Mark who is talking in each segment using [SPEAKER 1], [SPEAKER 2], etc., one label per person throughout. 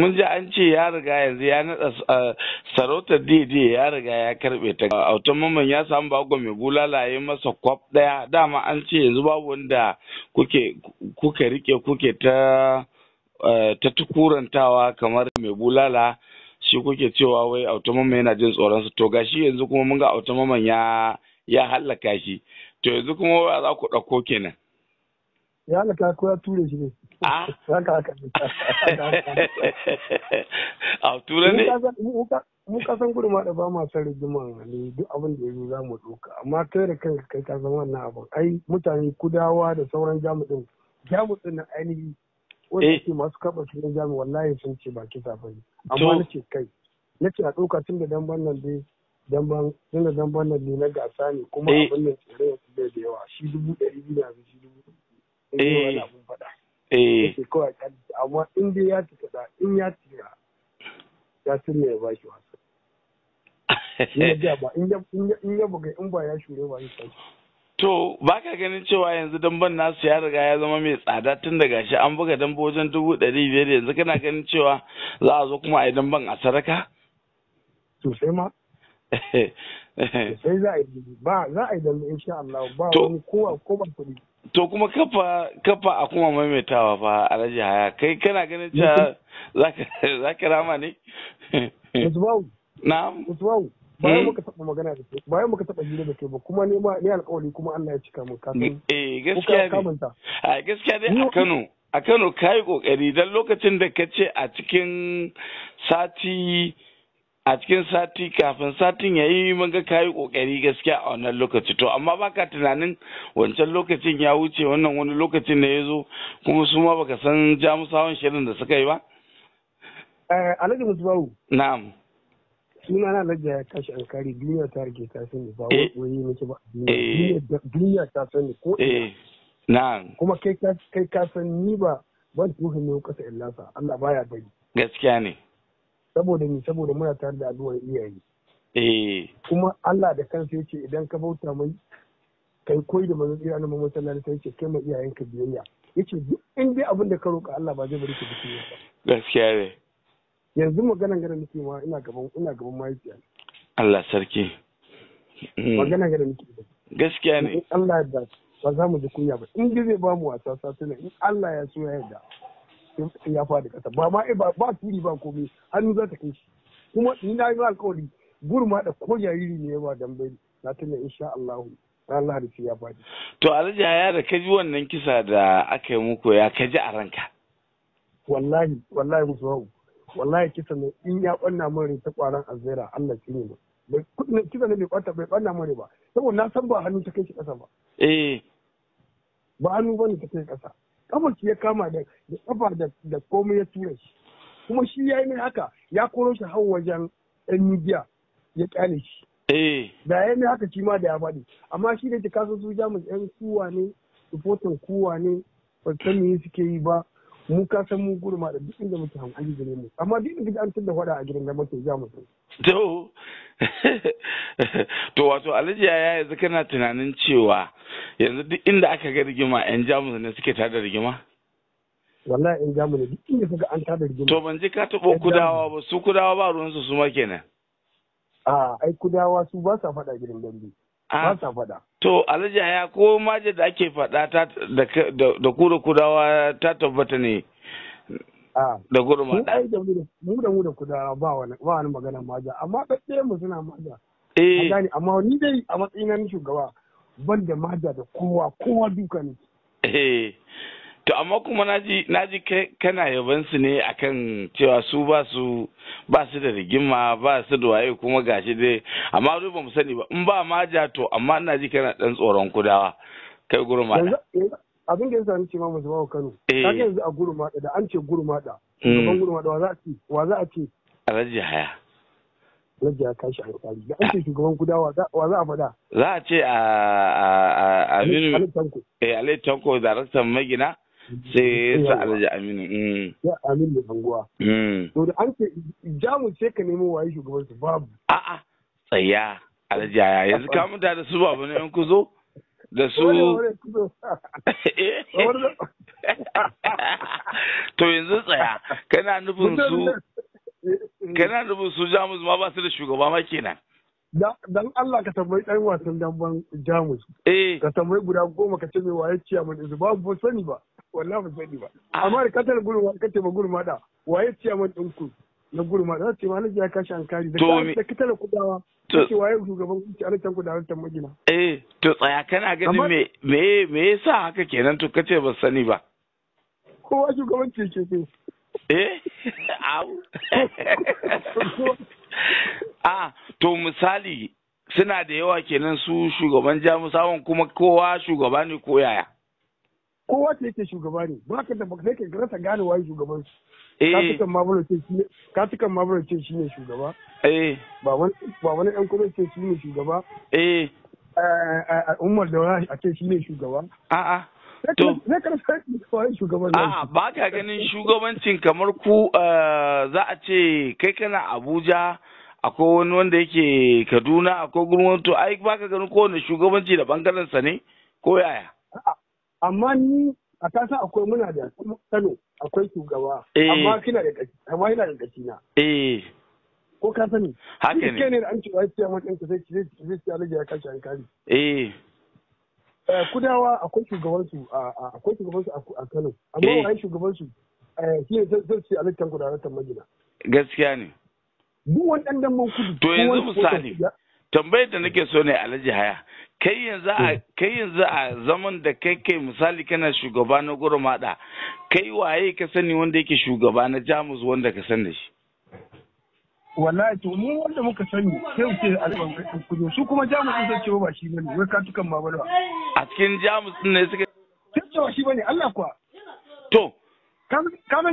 [SPEAKER 1] mun ji an ce ya riga yanzu ya naɗa sarautar daidai ya riga ya karbe ta autan mamman ya samu bago mai bulalaye masa kwaf ɗaya dama an ce yanzu babu wanda kuke kuka rike kuke ta ta tukurantawa kamar mai bulala shi kuke cewa wai autan mamman yana jin tsoron su to gashi yanzu kuma mun ga autan mamman ya ya hallaka shi to yanzu kuma za ku ɗauko kenan
[SPEAKER 2] ya hallaka ko ya ture shi ne Ah. a tura ne mu kasan kudu ma da ba ma son rigiman hali duk abin da ya zo za mu doka amma kai da kanka kai ka san wannan abin ai mutane kudawa da sauran jami'in jami'in na ainihi wanda eh. ke masu kaba cikin jami'in wallahi sun ce ba kisa ba ne amma na ce kai na ce a ɗauka tun da damban nan dai damban da damban nan ne na gasa ne kuma eh. abin nan tsere da yawa shi dubu ɗari biyu da shi dubu ɗari biyu wani eh. abin faɗa eh kawai amma in dai ya tuka da in ya tira ya tira ya bashi wasa in ya buga in ba ya shure ba ya
[SPEAKER 1] To ba ka ganin cewa yanzu damban nasu ya riga ya zama mai tsada tun daga shi an buga damba wajen dubu ɗari biyar yanzu kana ganin cewa za a zo kuma a yi damban a saraka?
[SPEAKER 2] Sosai ma. Sosai za a yi ba za a yi damban insha Allah ba wani kowa ko ban kuɗi.
[SPEAKER 1] to kuma kafa kafa a kuma maimaitawa fa alhaji haya kai kana ganin cewa za ka rama ne Usbau
[SPEAKER 2] na'am Usbau bayan hmm? muka taɓa magana da kai bayan muka taɓa hira da kai ba kuma ne ma ne alƙawari kuma Allah ya cika mun ka
[SPEAKER 1] eh gaskiya ne
[SPEAKER 2] a gaskiya dai a Kano
[SPEAKER 1] a Kano kai kokari dan lokacin da ka ce a cikin sati a cikin sati kafin satin ya yi mun ga kayi kokari gaskiya a wannan lokaci to amma baka tunanin wancan lokacin ya wuce wannan wani lokacin da ya zo kuma su ma baka san jamusawan shirin da suka yi ba
[SPEAKER 2] eh, alhaji musbahu na'am suna na lajja ya tashi alkari duniya ta rike ta sani ba eh. wani mace ba eh. duniya ta sani ko na'am kuma kai ka san ni ba ban tuhin ne kasa illasa Allah baya bari gaskiya ne saboda ni saboda muna tare da addu'ar iyaye eh kuma Allah da kansa yace idan ka bauta mai kai koyi da manzon Allah Muhammad sallallahu alaihi wasallam yace kai ma iyayenka biyayya yace duk in dai abin da ka roka Allah ba zai bari ka biye ba
[SPEAKER 1] gaskiya ne
[SPEAKER 2] yanzu magana gara nake ma ina gaban ina gaban mahaifiya
[SPEAKER 1] Allah sarki mm. maganan gara nake gaskiya ne
[SPEAKER 2] Allah ya ba za mu ji kunya ba in dai zai ba mu wasa satuna in Allah ya so ya yarda sai ya faɗi ƙasa ba ma eh, ba ba turi ba komai hannu za ta kai shi kuma ni na yi alƙawari gurma da ko jariri ne ba dambe na tuna insha Allah ran Lahadi sai ya faɗi
[SPEAKER 1] to alhaji ya da kaji wannan kisa da aka yi muku ya ji a ranka
[SPEAKER 2] wallahi wallahi musu wallahi kisa ne in ya ɓanna mare ta ƙwaron azera Allah shi ne bai kisa ne bai ɓanta bai ɓanna mare ba saboda na san ba hannu ta kai shi ƙasa ba eh ba hannu bane ta kai ƙasa kafar shi ya kama da kafa da komai ya tura shi kuma shi ya yi mai haka ya koro shi hau wajen yan midiya ya kyale shi eh. da ya yi mai haka shi ma da ya faɗi amma shi da ta kasa su jamus yan kuwa ne sufotan kuwa ne ba san me suke yi ba mu ka san mu gurma da duk inda muke hankali gare mu amma duk inda an tunda hwada a gidan da muke ja mu
[SPEAKER 1] to to wato alhaji ya yanzu kana tunanin cewa yanzu duk inda aka ga rigima yan jamus ne suke tada rigima
[SPEAKER 2] wallahi yan jamus ne duk inda suka an tada rigima to ban ji ka taɓa kudawa
[SPEAKER 1] ba su kudawa ba ruwan su su ma kenan
[SPEAKER 2] a ai kudawa su ba sa faɗa gidan dambe
[SPEAKER 1] Ah. faɗa. To Alhaji ya ko maje da ake faɗa da ku kudawa ta tabbata ne. Ah. Da gudu ma da.
[SPEAKER 2] Mu da mu da kudawa ba wani ba wani magana maja amma ɗaɗɗe mu suna maja. Eh. Gani amma ni dai a matsayin na shugaba ban da maja da kowa kowa duka ne.
[SPEAKER 1] Eh. to amma kuma naji naji kana yaban su ne akan cewa su ba su ba su da rigima ba su da waye kuma gashi dai amma duk ba mu sani ba in ba ma ja to amma ina ji kana dan tsoron kudawa kai gurma
[SPEAKER 2] abin da ya sami ma mu zuwa Kano eh. kaga yanzu a gurma da an ce gurma da kuma hmm. gurma da wa za a ce wa za a ce
[SPEAKER 1] Alhaji Haya
[SPEAKER 2] Alhaji ya kashi alƙali da an ce shugaban kudawa wa za a faɗa
[SPEAKER 1] za a ce a a a a a a a daraktan magina sai sa alhaji aminu mm.
[SPEAKER 2] ya aminu da anguwa mm. to da an ce jamus sai ka nemo waye shugaban su babu a'a
[SPEAKER 1] tsaya alhaji yaya yanzu ka muta da su babu ne in ku zo da su to yanzu tsaya kana nufin su kana nufin su jamus ma ba su da shugaba ma kenan
[SPEAKER 2] dan Allah ka tambayi ɗan wasan damban Jamus. Eh. Ka tambayi guda goma ka ce mai waye ciya mai izu babu ba sani ba. wallahi ban sani ba ah. amma da katar gurma kace ba gurma da waye ciyaman din ku na gurma da ce ma na ya kashi an kari da katar kudawa ce waye shugaban kunci alatan ku da alatan magina
[SPEAKER 1] eh to tsaya kana ganin me me me yasa haka kenan to kace ba sani ba
[SPEAKER 2] kowa shugaban ce ke eh
[SPEAKER 1] au a ah, to misali suna da yawa kenan su shugaban jamusawan kuma kowa shugaba ne ko yaya
[SPEAKER 2] kowa ce yake shugaba ne ba ka da sai ka rasa gane waye shugaban su eh. ce shi katukan mabula ce shi ne shugaba eh. ba wani yan kudu ce shi ne shugaba eh. umar da wani a ce shi ne shugaba a'a To, ba ka ganin
[SPEAKER 1] shugabancin kamar ku za a ce kai kana Abuja akwai wani wanda yake Kaduna akwai gurin ai ba ka ganin kowane shugabanci da bangaren sa ne
[SPEAKER 2] ko yaya? amma ni a kasa akwai muna da kano akwai shugaba eh. amma kina da kaci amma da na eh ko ka sani
[SPEAKER 1] haka ne ne da
[SPEAKER 2] an ci wai sai mun ɗinka sai sai sai sai ya kashi an kari eh kudawa akwai shugaban su akwai shugaban su a Kano amma eh. wai shugaban su eh, shi ne zai ce alaji kan ta majina
[SPEAKER 1] gaskiya ne
[SPEAKER 2] duk wani dan dan kudu to yanzu misali
[SPEAKER 1] tambayar da nake so ne alhaji haya mm. kai yanzu a zaman da kai kai misali kana shugaba na gurmada kai waye ka sani wanda yake shugaba na jamus wanda ka san da shi
[SPEAKER 2] wallahi to mu wanda muka sani sai mu ce alƙawarin kudu su kuma jamus sun sai ba shi bane wai katukan ma a cikin
[SPEAKER 1] jamus din ne suka
[SPEAKER 2] sai ba shi bane Allah kuwa to kamar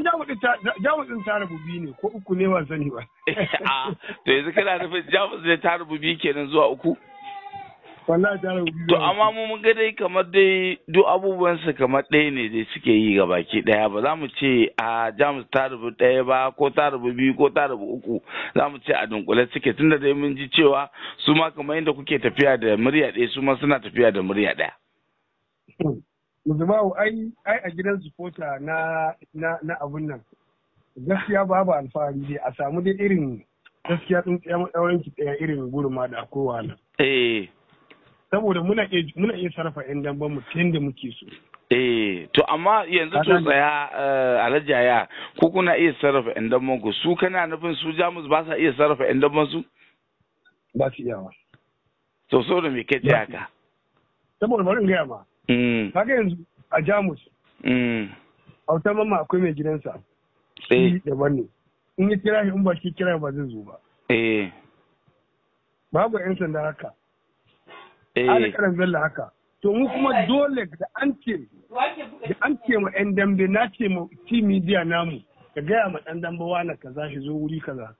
[SPEAKER 2] jamusin ta biyu ne ko uku ne ba sani ba ah,
[SPEAKER 1] to yanzu kana nufin jamus ne ta rubu biyu kenan zuwa uku
[SPEAKER 2] wallahi ta biyu to amma mu
[SPEAKER 1] mun ga dai kamar dai duk abubuwan su kamar ɗaya ne dai suke yi ga baki ɗaya ba za mu ce a jamus ta rubu ɗaya ba ko ta biyu ko ta uku za mu ce a dunkule suke tunda dai mun ji cewa su ma kamar yadda kuke tafiya da murya ɗaya su ma suna tafiya da murya ɗaya
[SPEAKER 2] hmm. Muzumawu ai ai a gidan supporter na na na abun nan. Gaskiya babu alfahari dai a samu dai irin gaskiya tsintsiya matsaurin ki tsaya irin gurin ma da kowa na. Eh. Saboda muna iya muna iya sarrafa ƴan damban mu yadda muke so.
[SPEAKER 1] Eh, to amma yanzu to tsaya eh, alajaya ko kuna iya sarrafa ƴan damban ku su kana nufin su Jamus ba sa iya sarrafa ƴan damban su? Ba su iya ba. To so da me ke haka?
[SPEAKER 2] Saboda bari in gaya ma.
[SPEAKER 1] Haka mm. yanzu a jamus mm.
[SPEAKER 2] autar mama akwai mai gidansa shi eh. Da ne in yi kira shi in ba shi kira ba zai zo ba eh. babu yan sanda haka eh. ana karan zalla haka to mu kuma dole da an ce da an ce ma yan dambe na ce ma ci media namu ka gaya ma dan dambe wani kaza shi zo wuri kaza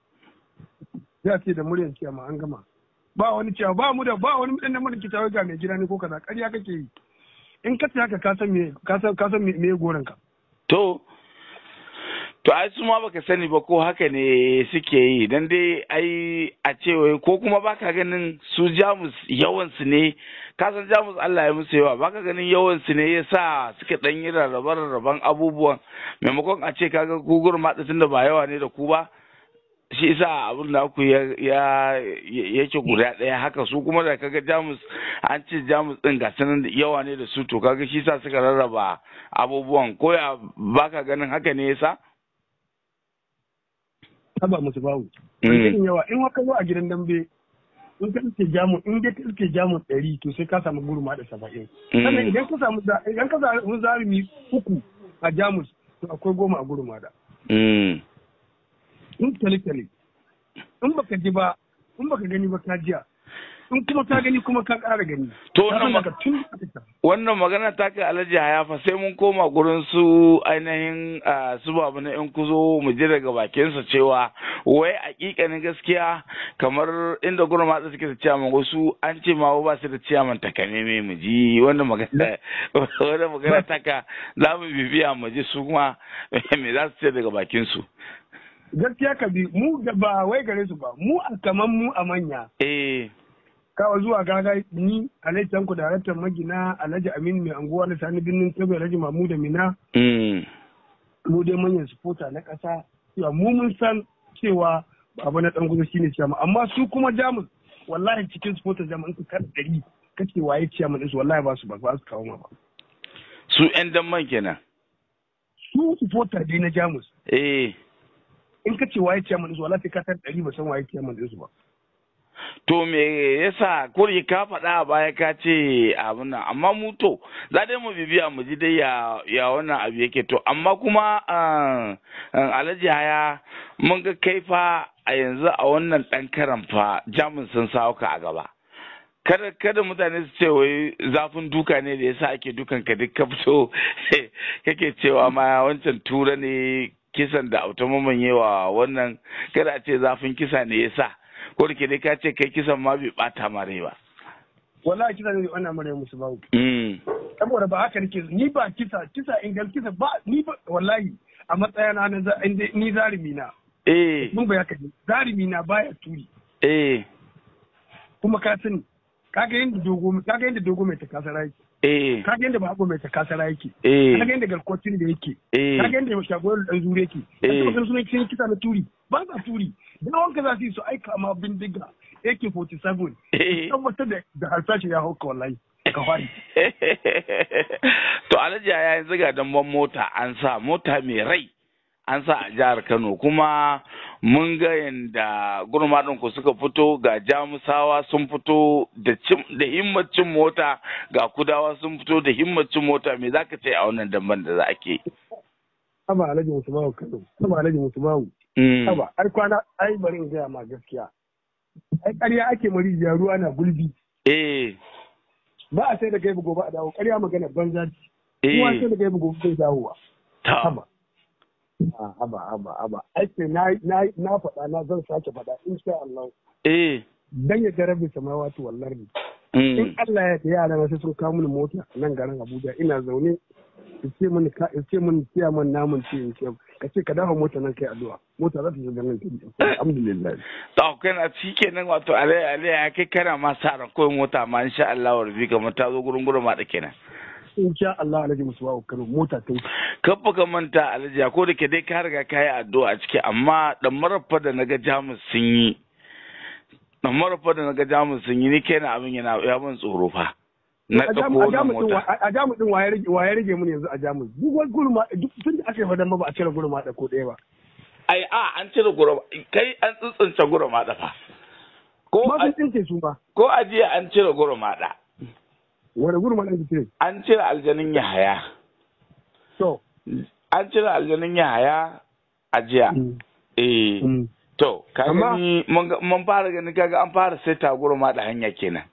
[SPEAKER 2] za ce da muryan ma an gama ba wani cewa ba mu da ba wani mutum da mun kitawai ga mai gida ne ko kaza ƙarya kake yi in ka ce ka san me ka ka
[SPEAKER 1] to to ai su ma baka sani ba ko haka ne suke yi dan dai ai a cewa ko kuma baka ganin su jamus yawan ne ka san jamus Allah ya musu yawa baka ganin yawan su ne yasa suka dan yi rarrabe abubuwan maimakon a ce kaga gugur ma da ba yawa ne da ku ba shi isa abin da ku ya ya yake guda daya haka su kuma da kaga jamus an ce jamus ɗin ga sanin yawa ne da su to kaga shi sa suka rarraba abubuwan ko ya baka ganin haka ne yasa
[SPEAKER 2] taba musu bawu mm. in yawa in haka zo a gidan dambe in ka iske jamus in dai ka jamus ɗari to sai ka samu guruma da saba'in mm. sannan idan ka samu idan ka samu zarumi uku a jamus to akwai goma a guruma da mm. in tale-tale in baka ji ba in baka gani ba ka jiya in kuma ka gani kuma ka ƙara gani to
[SPEAKER 1] wannan magana ta kai alhaji hayafa sai mun koma gurin su ainihin su babu na yan kuzo mu ji daga bakinsa cewa wai hakikanin gaskiya kamar inda gurin matsa suke da ciyaman wasu an ce ma ba su da ciyaman mai mu ji wannan magana mm. wannan magana taka za mu bibiya mu ji su kuma me za su ce daga bakinsu
[SPEAKER 2] gaskiya ka bi mu da ba wai gare su ba mu a kaman mu a manya eh kawa zuwa gaga ni alhaji tanko daraktan magina alhaji amin mai anguwa da sani birnin kebe alhaji mamu da mina hmm. mu dai manyan supporter na kasa cewa mu mun san cewa abu na dan gudu shine ciyama amma su kuma jamus wallahi cikin supporter jamus su kar dari kace waye ciyama din su wallahi ba su ba ba su kawo ma ba
[SPEAKER 1] su yan dan man kenan
[SPEAKER 2] su supporter dai na jamus eh in ka ce waye chairman su wala sai ka san ɗari ba san waye chairman su ba
[SPEAKER 1] to me yasa kuri ka faɗa a baya ka ce abin nan amma mu to za dai mu bibiya mu ji dai ya ya wannan abu yake to amma kuma eh, eh, alhaji haya mun ga kai fa a yanzu a wannan ɗan karan fa jamus sun sawo ka a gaba kada kada mutane su ce wai zafin duka ne da yasa ake dukan ka duk ka fito kake cewa ma wancan tura ne kisan da mamman yawa wannan kada a ce zafin kisa ne ya sa ko da ne ka ce kai kisan ma bai bata mare ba
[SPEAKER 2] wallahi kisa ne wannan mare musu ba ku. Hmm. saboda ba haka nake ni ba kisa kisa in gal kisa ba ni ba wallahi a matsayana na ni zarimi na eh mun ba haka zarimi na baya turi eh kuma ka sani kaga yanda dogo kaga yanda dogo mai ta kasarai eh ka ga yadda ba mai kasara yake eh ka ga yadda garkocin da yake eh ka ga yadda shagoyar dan zure yake eh ka sun sun kisa na turi ba za turi da wanka za su yi su aika ma bindiga AK47 don wata da harsashi ya hauka wallahi ka fari
[SPEAKER 1] to alhaji ya yanzu ga damban mota an sa mota mai rai an sa a jihar Kano kuma mun ga yadda gurma ku suka fito ga jamusawa sun fito da himmacin mota ga kudawa sun fito da himmacin mota me ka ce a wannan damban da za a ke
[SPEAKER 2] Aba Alhaji Musumawu Kano, Aba Alhaji Musumawu. Mm. Aba, ai kwana, ai bari in gaya ma gaskiya. Ai ƙarya ake marijiya ruwa na gulbi. Eh. Ba a sai da kai gobe a dawo, ƙarya magana banza ce. Ruwa eh. sai da kai gobe sai dawowa. Ta. Ah, haba haba haba aiki na faɗa na zan sake faɗa sha Allah eh dan ya jarabi samawati wallahi hmm. in Allah ya ta yara na sai sun kawo mini mota nan garin Abuja ina zaune ce mini ka ce mini kiya man namun ce in ka ce ka dawo mota nan kai addu'a mota za ta shiga nan alhamdulillah
[SPEAKER 1] na kana nan wato alai alai kai kana ma sa ran koyi mota ma sha Allah wa rabbi kamar ta zo gurin gurin ma da kenan
[SPEAKER 2] insha Allah alhaji musuwa Kano mota ta
[SPEAKER 1] kafa ka manta alhaji ko da ke dai ka riga ka yi addu'a a ciki amma dan marafa da naga Jamus sun yi dan marafa da naga Jamus sun yi ni na abin yana ya ban tsoro fa na tsako na mota
[SPEAKER 2] a Jamus din waye rage rage mun yanzu a Jamus duk gurma duk tun da aka yi fadan ba a cire gurma da ko ɗaya ba
[SPEAKER 1] ai a an cire gurma kai an tsintsince gurma da fa
[SPEAKER 2] ko a ko
[SPEAKER 1] a jiya an cire gurma da
[SPEAKER 2] wani gurin wani cire
[SPEAKER 1] an cire aljanin yahaya to an cire aljanin yahaya a jiya mm. eh mm. to kaga mun fara ganin kaga an fara sai tagoro ma da hanya kenan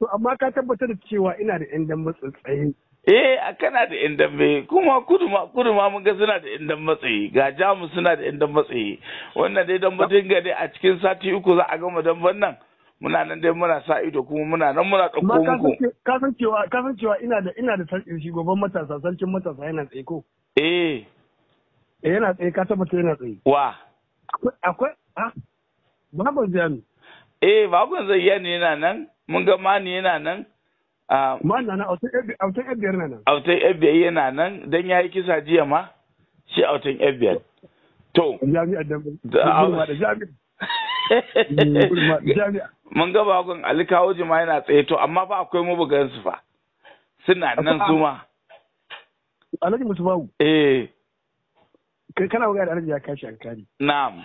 [SPEAKER 2] to amma ka tabbatar da cewa ina da yan dambe tsatsaye
[SPEAKER 1] eh kana da yan dambe kuma kudu ma kudu ma mun ga suna da yan dambe tsaye ga jamu suna da yan dambe tsaye wannan dai dambe dinga dai a cikin sati uku za a gama damben nan muna nan dai muna sa ido kuma muna nan muna ɗauko muku.
[SPEAKER 2] kasan cewa ina da ina da shugaban matasa sarkin matasa yana tsaye ko. Eh. Eh yana tsaye ka tabbata yana tsaye. Wa. Akwai ha babu zani.
[SPEAKER 1] Eh babu zayyani yana nan mun ga mani yana nan. Ah,
[SPEAKER 2] mani na nan autan ebiyar na nan.
[SPEAKER 1] Autan ebiyar yana nan don ya yi kisa jiya ma shi autan ebiyar.
[SPEAKER 2] To. Jami'ar da
[SPEAKER 1] jami'ar. mun ga bakon alikawo jima yana tsaye to amma fa akwai bugan su fa suna nan su ma alhaji musu bawu eh
[SPEAKER 2] kai kana wuga da alhaji ya kashi alkali na'am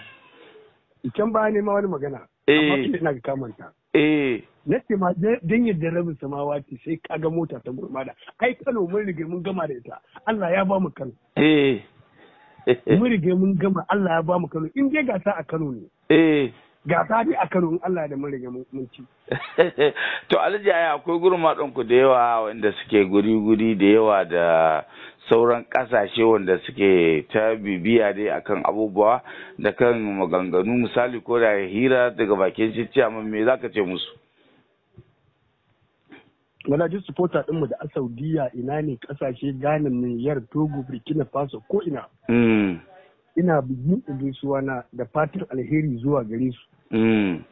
[SPEAKER 2] can ba ne ma wani magana eh. amma kuma ina ga kamanta eh na ce ma dan yadda rabin samawa ce sai ka ga mota ta gurmada ai kano mun rige mun gama da ita Allah ya ba mu kano
[SPEAKER 1] eh mun
[SPEAKER 2] rige mun gama Allah ya ba mu kano in dai gasa a kano ne eh gasa dai a kan Allah da mara rage mun
[SPEAKER 1] To Alhaji Aya akwai gurma ku da yawa wanda suke guri-guri da yawa da sauran ƙasashe wanda suke ta bibiya dai akan abubuwa da kan maganganu misali ko da hira daga bakin shi amma me zaka ce musu?
[SPEAKER 2] Wala ji supporter ɗinmu da asaudiya ina ne ƙasashe Ghana, yar Togo, Burkina Faso ko ina. Mm. Ina bugin gaisuwa na da fatan alheri zuwa gare su. Mm.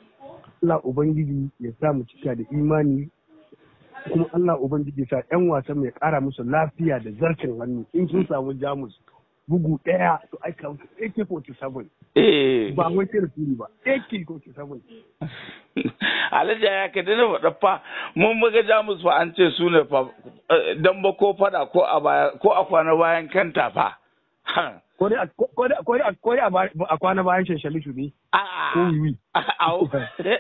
[SPEAKER 2] Allah Ubangiji ya sa mu cika da imani kuma Allah Ubangiji sa 'yan wasan ya ƙara musu lafiya da zarcin hannu in sun samu jamus bugu ɗaya to ai ka musu AK-47 ba wai tirfiri ba AK-47
[SPEAKER 1] Alija ya ka dina faɗa fa mun buga jamus fa an ce su ne fa eh, don ba ko fada ko a kwana bayan kanta fa
[SPEAKER 2] ko dai a kwana bayan shanshali shuni ko wiwi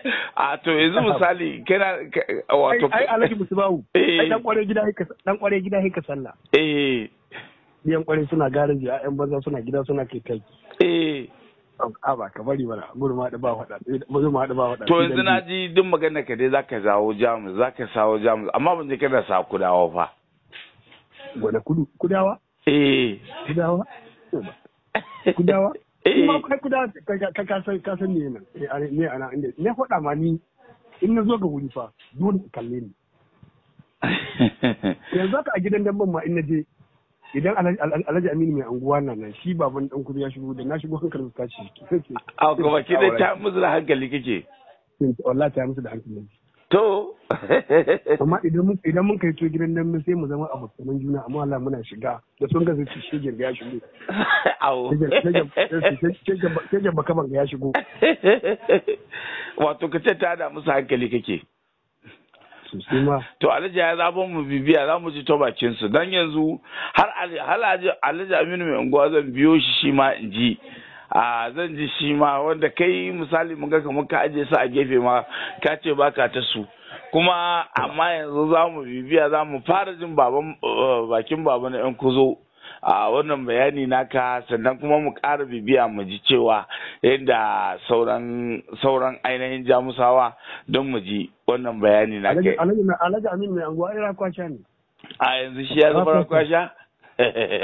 [SPEAKER 1] a to yanzu misali kana wato ai alhaji
[SPEAKER 2] musu eh. ai dan kware gida hika dan kware gida hika sallah eh yan kware suna garaji a yan banza suna gida suna kai kai eh a ba ka bari mana gudu ma ba faɗa gudu ma ba faɗa to yanzu na
[SPEAKER 1] ji duk magana ka dai zaka zawo jamus zaka sawo jamus amma ban je kana sa kudawa fa
[SPEAKER 2] wala kudawa eh kudawa kudawa eh. kuma kai kudawa ka ka san ka san ne nan ne ana inda ne faɗa ma ni in na zo ga wuri fa dole ka kalle ni yanzu haka a gidan damban ma in na je idan alhaji aminu mai anguwa na nan shi baban dan kudu ya shigo da na shigo hankali su tashi
[SPEAKER 1] a kuma ki da ta musu da hankali kike
[SPEAKER 2] wallahi ta musu da hankali To. Amma idan mun kai to gidan nan sai mu zama abokanan juna amma Allah muna shiga da sun ga zai shegen ya shigo. Awo. Shegen bakaman ya shigo.
[SPEAKER 1] Wato ka ce ta da musu hankali kake. To Alhaji ya zaɓo mu bibiya za mu ji to bakin su dan yanzu har Alhaji Aminu mai unguwa zan biyo shi shi ma in ji a zan ji shi ma wanda kai misali mun ga kamar ka aje su a gefe ma ka ce baka ta su kuma amma yanzu za mu bibiya za mu fara jin baban eh, bakin baba na yan kuzo a wannan bayani naka sannan kuma mu ƙara bibiya mu ji cewa yadda sauran sauran ainihin jamusawa don mu ji wannan bayani naka
[SPEAKER 2] alhaji amin mai anguwa ira kwasha ne
[SPEAKER 1] a yanzu shi ya zama kwasha ya dai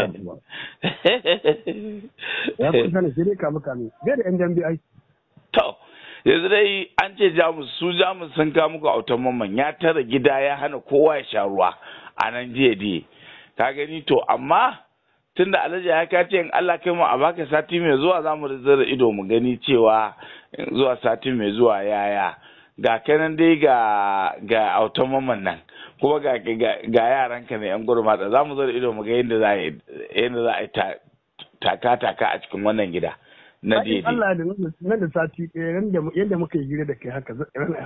[SPEAKER 1] yanzu dai an ce jamus su jamus sun kamu ga autan ya tara gida ya hana kowa ya sha ruwa a nan jiya diye ka gani to amma tunda alhaji ya kace in Allah kai mu a baka sati mai zuwa zamu zara ido mu gani cewa zuwa sati mai zuwa yaya ga kanan dai ga ga nan kuma ga ga yaran ka ne yan gurma da zamu zo da ido mu ga yadda za yadda za a yi taka taka a cikin wannan gida na daidai
[SPEAKER 2] Allah da nan da sati yadda muka yi gida da kai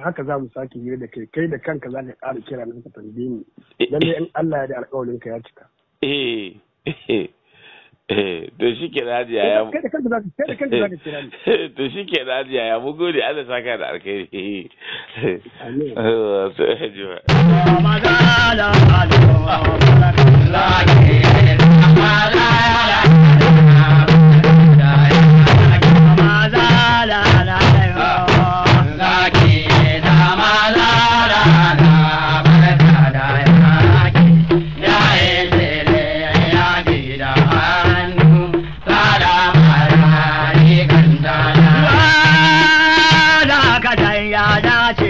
[SPEAKER 2] haka za mu sake gida da kai kai da kanka za ka ƙara kira nan ka tambaye ni dan eh, eh. in Allah ya da alƙawarin ka ya cika
[SPEAKER 1] eh, eh to shi ke radiya ya mu to shi ke radiya ya mu gode Allah saka da alkhairi
[SPEAKER 2] Amin.